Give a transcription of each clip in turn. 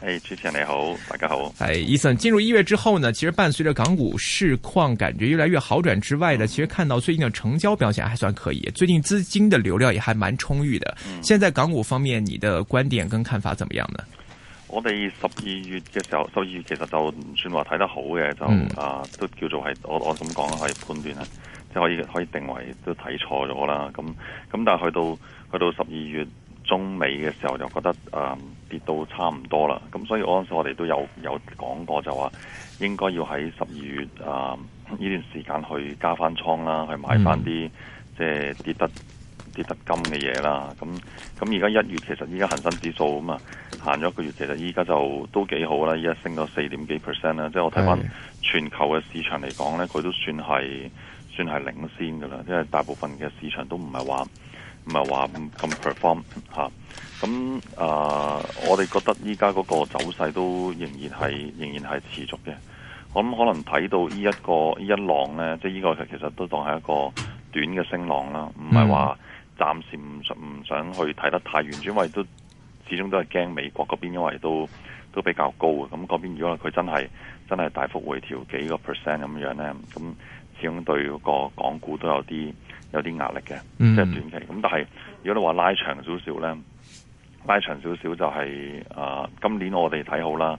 誒，主持人你好，大家好。Ethan，、hey, e、進入一月之後呢，其實伴隨着港股市況感覺越來越好轉之外呢，其實看到最近嘅成交表現還算可以，最近資金的流量也還蠻充裕的。嗯，現在港股方面，你的觀點跟看法怎麼樣呢？我哋十二月嘅時候，十二月其實就唔算話睇得好嘅，就、嗯、啊都叫做係我我咁講係判斷啦，即係可以判斷，就可以，可以定為都睇錯咗啦。咁咁但係去到去到十二月。中美嘅時候就覺得誒、呃、跌到差唔多啦，咁所以嗰陣時我哋都有有講過就話應該要喺十二月誒呢、呃、段時間去加翻倉啦，去買翻啲、嗯、即係跌得跌得金嘅嘢啦。咁咁而家一月其實依家恒生指數咁啊，行、嗯、咗一個月其實依家就都幾好啦，依家升咗四點幾 percent 啦。即係我睇翻全球嘅市場嚟講咧，佢都算係算係領先噶啦，因為大部分嘅市場都唔係話。唔係話咁 perform 嚇，咁、嗯、啊，我哋覺得依家嗰個走勢都仍然係仍然係持續嘅。我諗可能睇到呢一個依一浪呢，即係依個其實都當係一個短嘅升浪啦，唔係話暫時唔想唔想去睇得太遠，因為都始終都係驚美國嗰邊，因為都都比較高嘅。咁嗰邊如果佢真係真係大幅回調幾個 percent 咁樣呢，咁始終對嗰個港股都有啲。有啲壓力嘅，即係短期。咁但係，如果你話拉長少少咧，拉長少少就係、是、啊、呃，今年我哋睇好啦。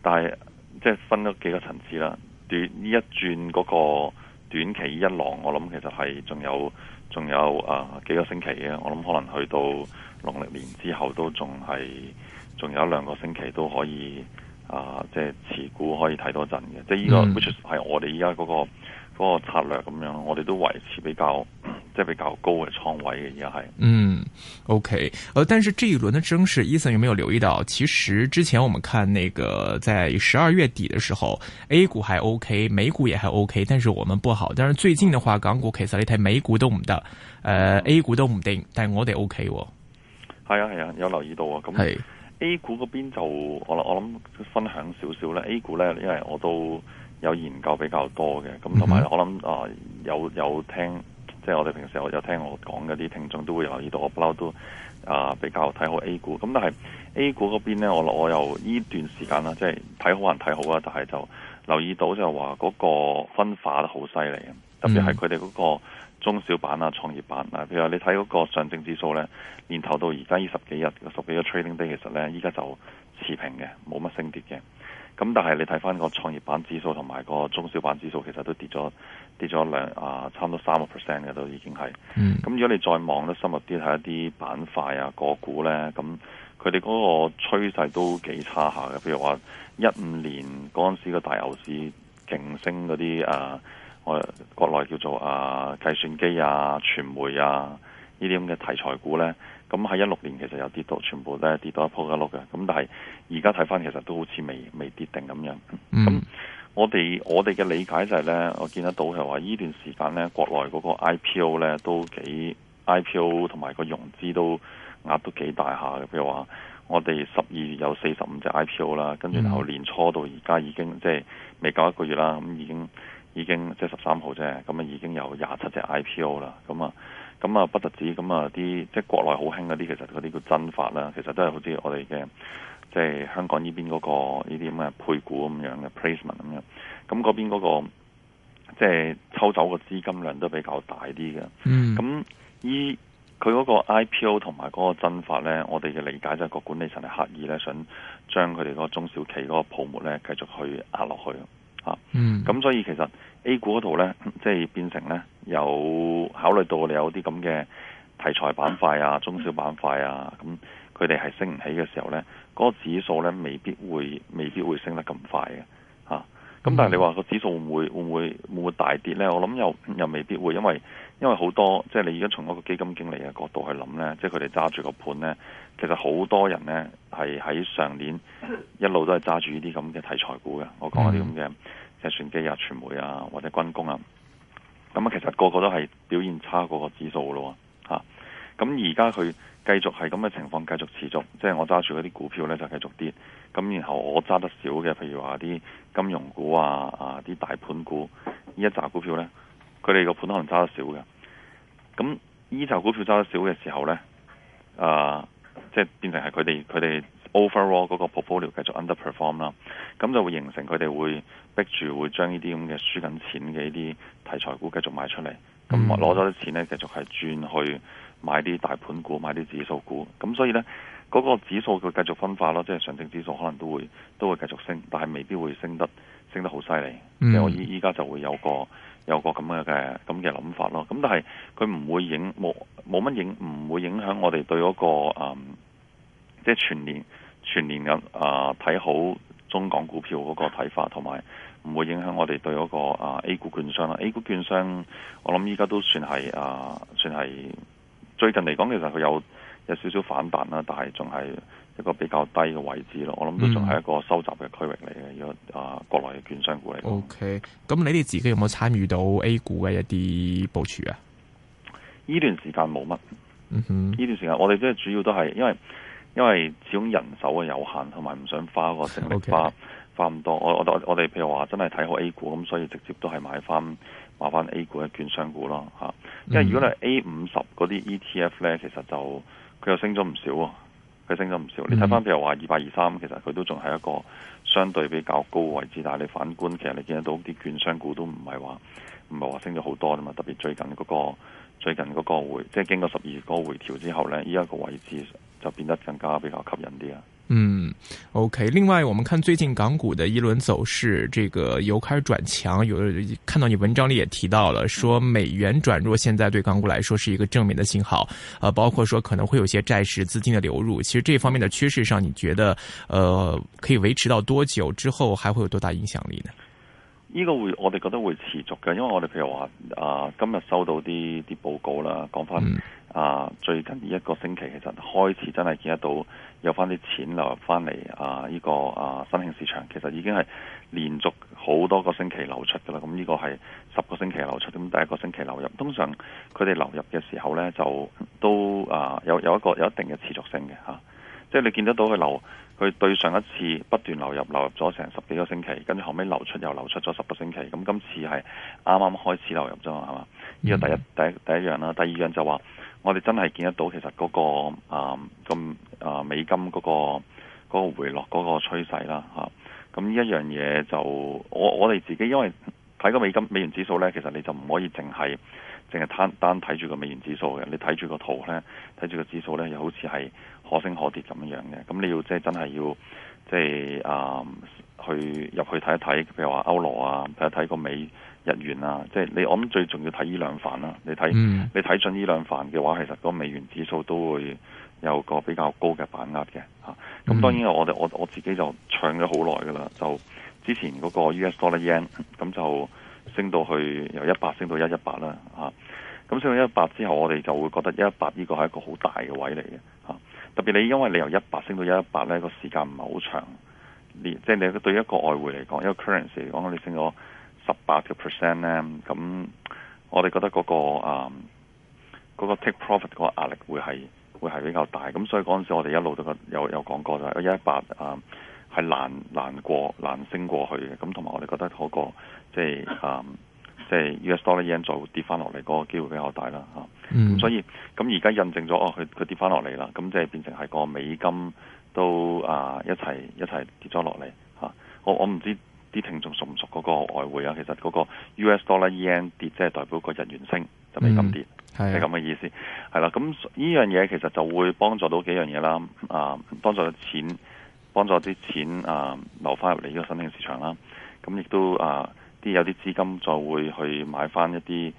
但係即係分咗幾個層次啦。短依一轉嗰個短期一浪，我諗其實係仲有仲有啊、呃、幾個星期嘅。我諗可能去到農曆年之後，都仲係仲有一兩個星期都可以啊、呃，即係持股可以睇多陣嘅。即係依個 which 係我哋依家嗰個。嗯嗰個策略咁樣，我哋都維持比較 即係比較高嘅倉位嘅，而家係，嗯，OK，誒、呃，但是呢一輪嘅升勢，Ethan 有冇留意到？其實之前我們看那個在十二月底嘅時候，A 股還 OK，美股也還 OK，但是我們不好。但是最近嘅話，港股其實你睇美股都唔得，誒、呃、A 股都唔定，但係我哋 OK，係、哦、啊係啊，有留意到啊，咁係是 A 股嗰邊就我我諗分享少少咧，A 股咧，因為我都。有研究比較多嘅，咁同埋我諗啊、呃，有有聽，即係我哋平時有有聽我講嘅啲聽眾都會留意到，我不嬲都啊、呃、比較睇好 A 股。咁但係 A 股嗰邊咧，我我又依段時間啦，即係睇好還睇好啊，但係就留意到就話嗰個分化得好犀利啊，特別係佢哋嗰個中小板啊、創業板啊，譬如話你睇嗰個上證指數呢，年頭到而家依十幾日十幾個 trading day，其實呢，依家就持平嘅，冇乜升跌嘅。咁但係你睇翻個創業板指數同埋個中小板指數，其實都跌咗跌咗兩啊，差唔多三個 percent 嘅都已經係。咁、嗯、如果你再望得深入啲睇一啲板塊啊、個股咧，咁佢哋嗰個趨勢都幾差下嘅。譬如話一五年嗰陣時個大牛市勁升嗰啲誒，我、啊、國內叫做啊計算機啊、傳媒啊呢啲咁嘅題材股咧。咁喺一六年其實又跌到，全部咧跌到一鋪一碌嘅。咁但係而家睇翻，其實都好似未未跌定咁樣。咁、嗯、我哋我哋嘅理解就係咧，我見得到係話呢段時間咧，國內嗰個 IPO 咧都幾 IPO 同埋個融資都額都幾大下嘅。譬如話，我哋十二月有四十五隻 IPO 啦，跟住然後年初到而家已經即係未夠一個月啦，咁已經已經即係十三號啫，咁啊已經有廿七隻 IPO 啦，咁啊。咁啊，不特止咁啊，啲即係國內好興嗰啲，其實嗰啲叫增發啦。其實都係好似我哋嘅，即係香港呢邊嗰個依啲咁嘅配股咁樣嘅 placement 咁樣。咁嗰邊嗰個即係抽走個資金量都比較大啲嘅。嗯。咁依佢嗰個 IPO 同埋嗰個增發咧，我哋嘅理解就係個管理層係刻意咧想將佢哋嗰個中小企嗰個泡沫咧繼續去壓落去嚇。啊、嗯。咁所以其實。A 股嗰度咧，即係變成咧，有考慮到你有啲咁嘅題材板塊啊、中小板塊啊，咁佢哋係升唔起嘅時候咧，嗰個指數咧未必會，未必會升得咁快嘅，吓、啊。咁但係你話個指數會唔會，會唔會，會唔會大跌咧？我諗又又未必會，因為因為好多即係你而家從一個基金經理嘅角度去諗咧，即係佢哋揸住個盤咧，其實好多人咧係喺上年一路都係揸住呢啲咁嘅題材股嘅，我講下啲咁嘅。嗯計算機啊、傳媒啊或者軍工啊，咁啊其實個個都係表現差過個指數咯，吓、咁而家佢繼續係咁嘅情況，繼續持續，即係我揸住嗰啲股票呢就繼續跌，咁然後我揸得少嘅，譬如話啲金融股啊啊啲大盤股呢一扎股票呢，佢哋個盤可能揸得少嘅，咁呢扎股票揸得少嘅時候呢，啊即係變成係佢哋佢哋。overall 嗰個 portfolio 繼續 underperform 啦，咁就會形成佢哋會逼住會將呢啲咁嘅輸緊錢嘅呢啲題材股繼續賣出嚟，咁攞咗啲錢咧繼續係轉去買啲大盤股、買啲指數股，咁所以咧嗰個指數佢繼續分化咯，即係上證指數可能都會都會繼續升，但係未必會升得升得好犀利。即係我依依家就會有個有個咁樣嘅咁嘅諗法咯。咁但係佢唔會影冇冇乜影，唔會影響我哋對嗰個、嗯、即係全年。全年嘅啊睇好中港股票嗰個睇法，同埋唔會影響我哋對嗰個啊 A 股券商啦。A 股券商。A 股券商我諗依家都算係啊、呃，算係最近嚟講，其實佢有有少少反彈啦，但係仲係一個比較低嘅位置咯。我諗都仲係一個收集嘅區域嚟嘅，依個啊國內嘅券商股嚟嘅。OK，咁你哋自己有冇參與到 A 股嘅一啲部署啊？嗯哼。呢段時間冇乜。嗯哼。呢段時間我哋即係主要都係因為。因為始終人手嘅有限，同埋唔想花個精力花 Okay. 花咁多。我我哋譬如話真係睇好 A 股咁，所以直接都係買翻買翻 A 股嘅券商股啦嚇。因為如果你 A 五十嗰啲 E T F 呢，其實就佢又升咗唔少啊，佢升咗唔少。你睇翻譬如話二百二三，其實佢都仲係一個相對比較高嘅位置。但係你反觀，其實你見得到啲券商股都唔係話唔係話升咗好多啫嘛。特別最近嗰、那個最近嗰個回，即係經過十二個回調之後呢，依、這、家個位置。就變得更加比較吸引啲啊。嗯，OK。另外，我們看最近港股的一輪走勢，這個由開始轉強，有看到你文章裏也提到了，說美元轉弱，現在對港股來說是一個正面的信號。呃，包括說可能會有些債市資金的流入。其實這方面的趨勢上，你覺得，呃，可以維持到多久之後，還會有多大影響力呢？呢個會我哋覺得會持續嘅，因為我哋譬如話啊、呃，今日收到啲啲報告啦，講翻啊最近一個星期其實開始真係見得到有翻啲錢流入翻嚟啊！呢、這個啊新興市場其實已經係連續好多個星期流出㗎啦，咁、嗯、呢、這個係十個星期流出，咁、嗯、第一個星期流入。通常佢哋流入嘅時候呢，就都啊有有一個有一定嘅持續性嘅嚇。啊即係你見得到佢流，佢對上一次不斷流入，流入咗成十幾個星期，跟住後尾流出又流出咗十個星期，咁今次係啱啱開始流入啫嘛，係嘛、嗯？呢個第一第一第一樣啦，第二樣就話我哋真係見得到其實嗰個啊咁啊美金嗰個嗰個回落嗰個趨勢啦嚇，咁呢一樣嘢就我我哋自己因為。睇個美金美元指數咧，其實你就唔可以淨係淨係單單睇住個美元指數嘅，你睇住個圖咧，睇住個指數咧，又好似係可升可跌咁樣樣嘅。咁你要即係真係要即係啊、嗯，去入去睇一睇，譬如話歐羅啊，睇一睇個美日元啊，即係你我諗最重要睇呢兩範啦、啊。你睇、嗯、你睇準呢兩範嘅話，其實個美元指數都會有個比較高嘅把握嘅嚇。咁、啊、當然我哋我我自己就唱咗好耐噶啦，就。之前嗰個 USD Yen o l 咁就升到去由一百升到一一八啦嚇，咁升到一百之後，我哋就會覺得一百呢個係一個好大嘅位嚟嘅嚇。特別你因為你由一百升到一一八咧，個時間唔係好長，你即係你對於一個外匯嚟講，一個 currency 嚟講，你升咗十八個 percent 咧，咁我哋覺得嗰個啊嗰個 take profit 嗰個壓力會係會係比較大。咁所以嗰陣時我哋一路都有有講過就係一一八啊。係難難過難升過去嘅，咁同埋我哋覺得嗰、那個即係啊，即係、uh, US dollar yen 再會跌翻落嚟，嗰個機會比較大啦嚇。咁、嗯啊、所以咁而家印證咗哦，佢佢跌翻落嚟啦，咁即係變成係個美金都啊一齊一齊跌咗落嚟嚇。我我唔知啲聽眾熟唔熟嗰個外匯啊，其實嗰個 US dollar yen 跌即係代表個日元升，就美金跌係咁嘅意思，係啦。咁呢樣嘢其實就會幫助到幾樣嘢啦，啊幫助錢。幫助啲錢啊、呃，流翻入嚟呢個新興市場啦。咁、嗯、亦都啊，啲、呃、有啲資金就會去買翻一啲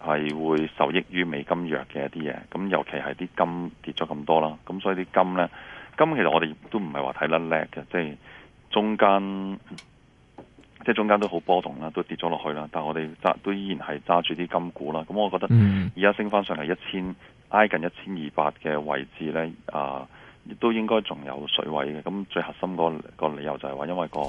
係會受益於美金弱嘅一啲嘢。咁、嗯、尤其係啲金跌咗咁多啦。咁、嗯、所以啲金呢，金其實我哋都唔係話睇得叻嘅，即、就、係、是、中間即係、嗯就是、中間都好波動啦，都跌咗落去啦。但係我哋揸都依然係揸住啲金股啦。咁、嗯嗯、我覺得而家升翻上嚟一千挨近一千二百嘅位置呢。啊、呃！亦都應該仲有水位嘅，咁最核心個理由就係話，因為個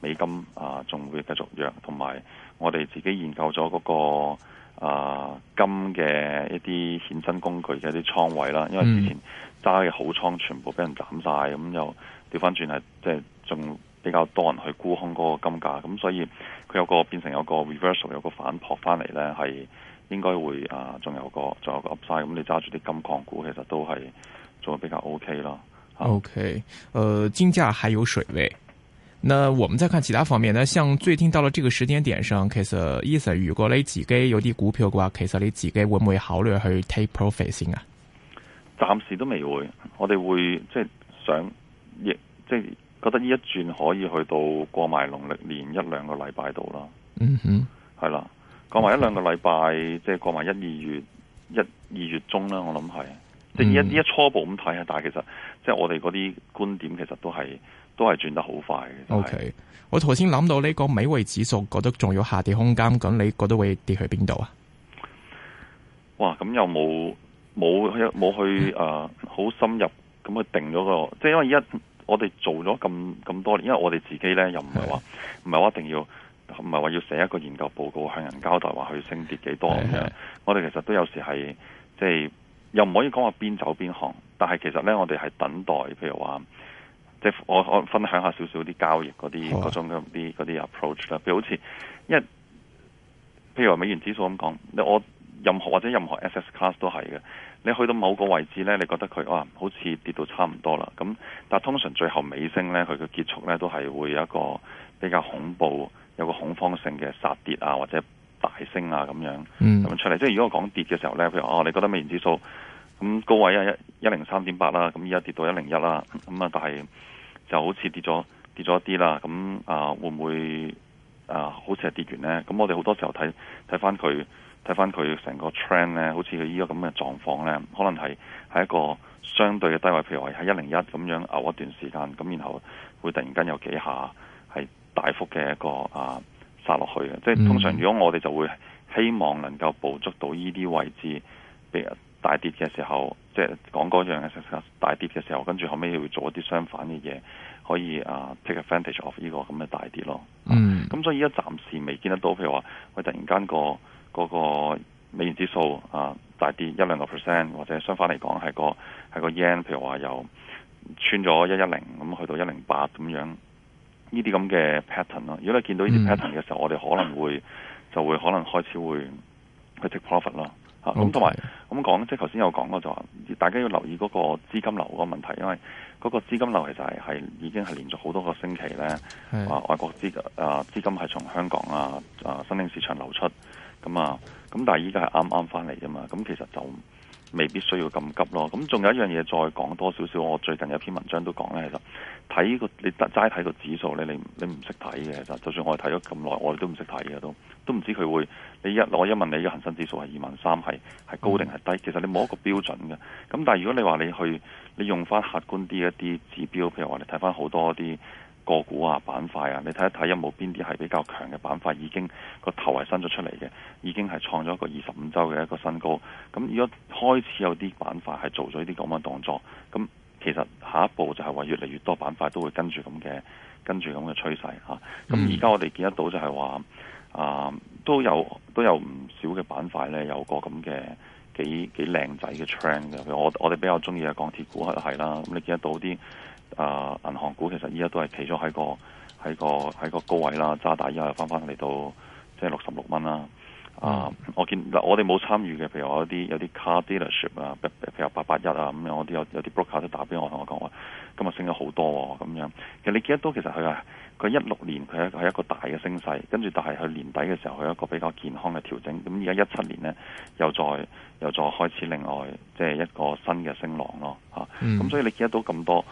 美金啊，仲、呃、會繼續弱，同埋我哋自己研究咗嗰、那個啊、呃、金嘅一啲衍生工具嘅一啲倉位啦，因為之前揸嘅好倉全部俾人斬晒，咁又調翻轉係即係仲比較多人去沽空嗰個金價，咁所以佢有個變成有個 reversal，有個反撲翻嚟咧，係應該會啊，仲、呃、有個仲有個 upside，咁、嗯、你揸住啲金礦股其實都係。做比較 OK 咯。OK，呃，金價還有水位。那我們再看其他方面呢。像最近到了這個時間點上，其實 Ethan，如果你自己有啲股票嘅話，其實你自己會唔會考慮去 take profit 先啊？暫時都未會，我哋會即係想亦即係覺得呢一轉可以去到過埋農曆年一兩個禮拜度啦。嗯哼，係啦，過埋一兩個禮拜，Okay. 即係過埋一二月，一二月中啦，我諗係。淨一、嗯、一初步咁睇下，但係其實即係我哋嗰啲觀點，其實都係都係轉得好快嘅。就是、o、okay. K，我頭先諗到呢個美匯指數，覺得仲有下跌空間，咁你覺得會跌去邊度啊？哇！咁又冇冇冇去誒，好、呃、深入咁去定咗、那個，即係因為而家我哋做咗咁咁多年，因為我哋自己咧又唔係話唔係話一定要唔係話要寫一個研究報告向人交代話去升跌幾多我哋其實都有時係即係。即又唔可以講話邊走邊行，但係其實呢，我哋係等待，譬如話，即係我我分享下少少啲交易嗰啲嗰種啲嗰啲 approach 啦。譬如好似，因為譬如話美元指數咁講，你我任何或者任何 S S class 都係嘅。你去到某個位置呢，你覺得佢哇，好似跌到差唔多啦。咁但通常最後尾聲呢，佢嘅結束呢都係會有一個比較恐怖、有個恐慌性嘅殺跌啊，或者～大升啊咁樣咁樣出嚟，即係、嗯、如果我講跌嘅時候咧，譬如哦、啊，你覺得美元指數咁高位啊，一一零三點八啦，咁依家跌到一零一啦，咁啊但係就好似跌咗跌咗一啲啦，咁啊會唔會啊好似係跌完咧？咁我哋好多時候睇睇翻佢，睇翻佢成個 trend 咧，好似佢依個咁嘅狀況咧，可能係係一個相對嘅低位，譬如話喺一零一咁樣牛一段時間，咁然後會突然間有幾下係大幅嘅一個啊。殺落去嘅，即係通常如果我哋就會希望能夠捕捉到依啲位置，譬如大跌嘅時候，即係講嗰樣嘅時候大跌嘅時候，跟住後尾會做一啲相反嘅嘢，可以啊、uh, take advantage of 呢個咁嘅大跌咯。嗯、mm. 啊，咁所以而家暫時未見得到，譬如話，喂，突然間、個嗰個美元指數啊大跌一兩個 percent，或者相反嚟講係個係個 yen，譬如話又穿咗一一零咁去到一零八咁樣。呢啲咁嘅 pattern 咯，如果你見到呢啲 pattern 嘅時候，嗯、我哋可能會就會可能開始會去 take profit 咯，吓咁同埋，咁講即係頭先有講、就是、過就話、是，大家要留意嗰個資金流嗰個問題，因為嗰個資金流其實係係已經係連續好多個星期咧，是啊外國資啊資金係從香港啊啊新興市場流出，咁啊咁但係依家係啱啱翻嚟啫嘛，咁、啊、其實就。未必需要咁急咯。咁仲有一樣嘢再講多少少，我最近有篇文章都講咧，其實睇個你齋睇個指數咧，你你唔識睇嘅就，就算我哋睇咗咁耐，我哋都唔識睇嘅都，都唔知佢會你一我一問你嘅恒生指數係二萬三係係高定係低，其實你冇一個標準嘅。咁但係如果你話你去你用翻客觀啲一啲指標，譬如話你睇翻好多啲。個股啊，板塊啊，你睇一睇有冇邊啲係比較強嘅板塊，已經個頭係伸咗出嚟嘅，已經係創咗一個二十五週嘅一個新高。咁如果開始有啲板塊係做咗呢啲咁嘅動作，咁其實下一步就係話越嚟越多板塊都會跟住咁嘅，跟住咁嘅趨勢嚇。咁而家我哋見得到就係話啊，都有都有唔少嘅板塊咧，有個咁嘅幾幾靚仔嘅 trend 嘅。譬如我我哋比較中意嘅鋼鐵股係啦，咁你見得到啲。啊！銀行股其實依家都係企咗喺個喺個喺個高位啦，揸大依家又翻翻嚟到即係六十六蚊啦。嗯、啊！我見嗱，我哋冇參與嘅，譬如我有啲有啲 car dealership 啊，譬如八八一啊咁樣，我啲有有啲 broker 都打俾我，我，同我講話今日升咗好多喎、哦、咁樣。其實你見得到其實佢啊，佢一六年佢係一個大嘅升勢，跟住但係佢年底嘅時候佢一個比較健康嘅調整。咁而家一七年咧又再又再開始另外即係一個新嘅升浪咯嚇。咁、嗯、所以你見得到咁多。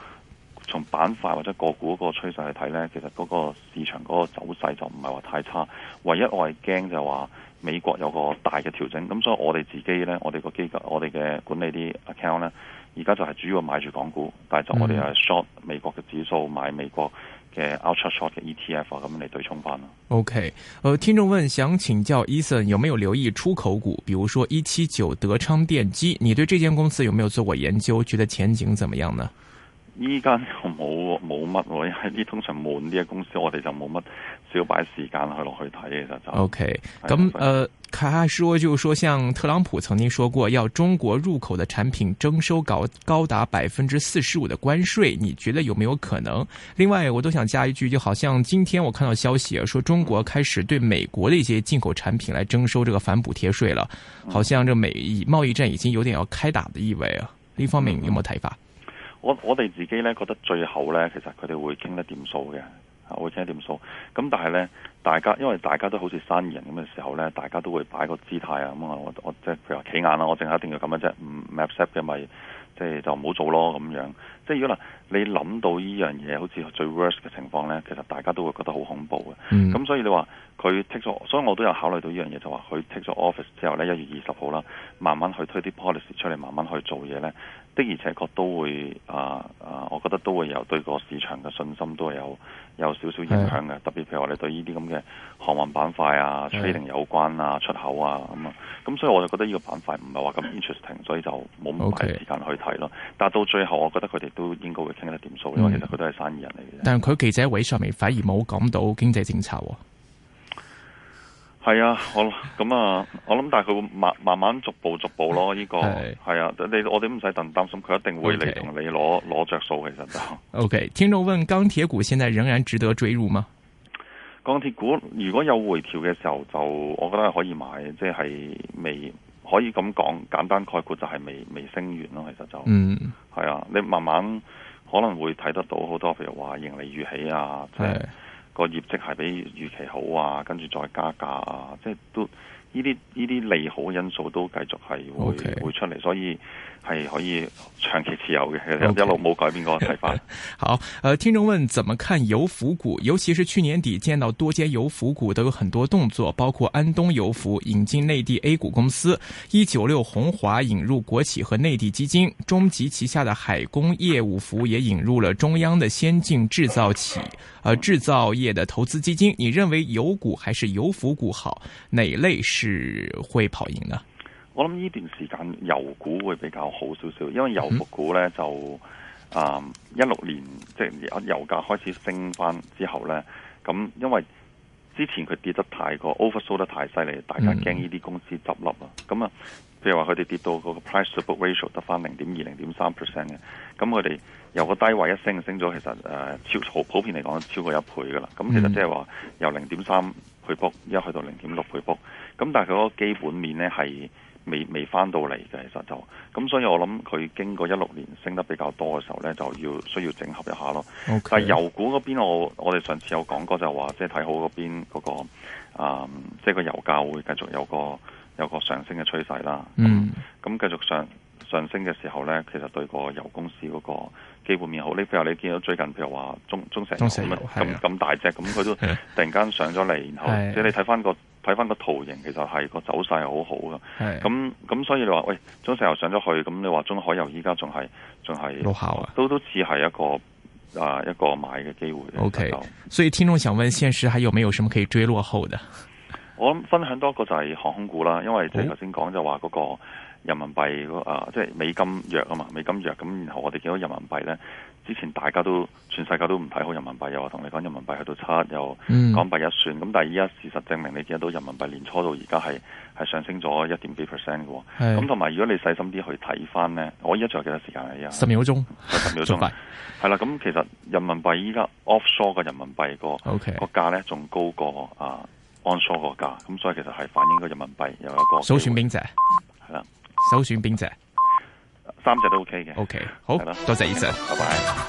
從板塊或者個股嗰個趨勢嚟睇咧，其實嗰個市場嗰個走勢就唔係話太差。唯一我係驚就話美國有個大嘅調整，咁所以我哋自己咧，我哋個機構，我哋嘅管理啲 account 咧，而家就係主要買住港股，但係就是我哋係 short 美國嘅指數，買美國嘅 ultra short 嘅 ETF 啊咁嚟對沖翻咯。OK，呃，聽眾問想請教 Ethan，有冇留意出口股，比如說一七九德昌電機，你對這間公司有沒有做過研究，覺得前景怎麼樣呢？依間就冇冇乜，因為啲通常悶啲嘅公司，我哋就冇乜少擺時間去落去睇其實就。OK，咁呃，誒，他說就說，像特朗普曾經說過要中國入口的產品徵收高高達百分之四十五的關稅，你覺得有沒有可能？另外，我都想加一句，就好像今天我看到消息說中國開始對美國的一些進口產品來徵收這個反補貼稅了，好像這美貿易戰已經有點要開打的意味啊！一、嗯、方面有冇睇法？我我哋自己咧覺得最後咧，其實佢哋會傾得掂數嘅，啊會傾得掂數。咁但係咧，大家因為大家都好似生意人咁嘅時候咧，大家都會擺個姿態啊。咁、嗯、啊，我我即係譬如話企硬啦，我淨係一定要咁嘅啫。唔 accept 嘅咪即係就唔好做咯咁樣。即係、就是、如果啦，你諗到依樣嘢好似最 worse 嘅情況咧，其實大家都會覺得好恐怖嘅。咁、嗯、所以你話佢 take 咗 off，所以我都有考慮到呢樣嘢，就話、是、佢 take 咗 off office 之後咧，一月二十號啦，慢慢去推啲 policy 出嚟，慢慢去做嘢咧。的而且確都會啊啊、呃呃，我覺得都會有對個市場嘅信心都有有少少影響嘅，的特別譬如話你對呢啲咁嘅航運板塊啊、trading 的有關啊、出口啊咁啊，咁所以我就覺得呢個板塊唔係話咁 interesting，所以就冇咁嘅時間去睇咯。Okay. 但到最後，我覺得佢哋都應該會傾得掂數，因為其實佢都係生意人嚟嘅、嗯。但係佢記者位上面反而冇講到經濟政策喎、啊。係 啊，好咁啊，我諗但係佢會慢慢逐步逐步咯，呢個係啊，你我哋唔使擔擔心佢一定會嚟同你攞攞着數，其實就。OK，聽眾問：鋼鐵股現在仍然值得追入嗎？鋼鐵股如果有回調嘅時候，就我覺得可以買，即係未可以咁講，簡單概括就係未未升完咯，其實就，嗯，係、嗯、啊，你慢慢可能會睇得到好多，譬如話盈利愈起啊，即、嗯、係。嗯嗯嗯個業績係比預期好啊，跟住再加價啊，即係都呢啲呢啲利好因素都繼續係會 Okay. 會出嚟，所以。係可以長期持有嘅，Okay. 一路冇改變過個睇法。 好，誒、呃，聽眾問，怎麼看油服股？尤其是去年底見到多間油服股都有很多動作，包括安東油服引進內地 A 股公司，一九六紅華引入國企和內地基金，中集旗下的海工業務服也引入了中央的先進製造企，誒、呃，製造業的投資基金。你認為油股還是油服股好？哪類是會跑贏呢？我諗呢段時間油股會比較好少少，因為油服股咧就啊一六年即係油價開始升翻之後咧，咁因為之前佢跌得太過 oversold 得太犀利，大家驚呢啲公司執笠啊，咁、嗯、啊，譬如話佢哋跌到嗰個 price to book ratio 得翻零點二零點三 percent 嘅，咁佢哋由個低位一升，升咗其實誒、啊、超好普遍嚟講超過一倍噶啦，咁、啊、其實即係話由零點三倍 book 一去到零點六倍 book，咁但係佢嗰個基本面咧係未未翻到嚟嘅，其實就咁、嗯，所以我諗佢經過一六年升得比較多嘅時候咧，就要需要整合一下咯。Okay. 但係油股嗰邊我，我我哋上次有講過就就嗰、嗰個嗯，就話即係睇好嗰邊嗰個啊，即係個油價會繼續有個有個上升嘅趨勢啦。Mm. 嗯，咁繼續上上升嘅時候咧，其實對個油公司嗰個基本面好。你譬如你見到最近譬如話中中石油咁咁的大隻，咁佢都突然間上咗嚟，然後，的然後即係你睇翻個。睇翻個圖形，其實係個走勢係好好嘅。係咁咁，所以你話喂，中石油上咗去，咁、嗯、你話中海油依家仲係仲係落後啊？都都似係一個啊一個買嘅機會。O Okay . K，就所以聽眾想問，現時還有沒有什麼可以追落後的？我想分享多個就係航空股啦，因為即係頭先講就話嗰、哦那個。人民幣啊，即係美金弱啊嘛，美金弱咁，然後我哋見到人民幣咧，之前大家都全世界都唔睇好人民幣，又話同你講人民幣去到七，又港幣一算，咁、嗯、但係依家事實證明，你見到人民幣年初到而家係係上升咗一點幾 percent 嘅，咁同埋如果你細心啲去睇翻咧，我依家仲有幾多時間啊？十秒鐘，十秒鐘，係啦還快、哎，咁其實人民幣依家 offshore 嘅人民幣個個價咧仲高過啊 onshore 個價，咁所以其實係反映個人民幣有一個守選兵者，係啦。首選邊隻？三隻都 OK 嘅。OK，好，多謝 E sir，拜拜。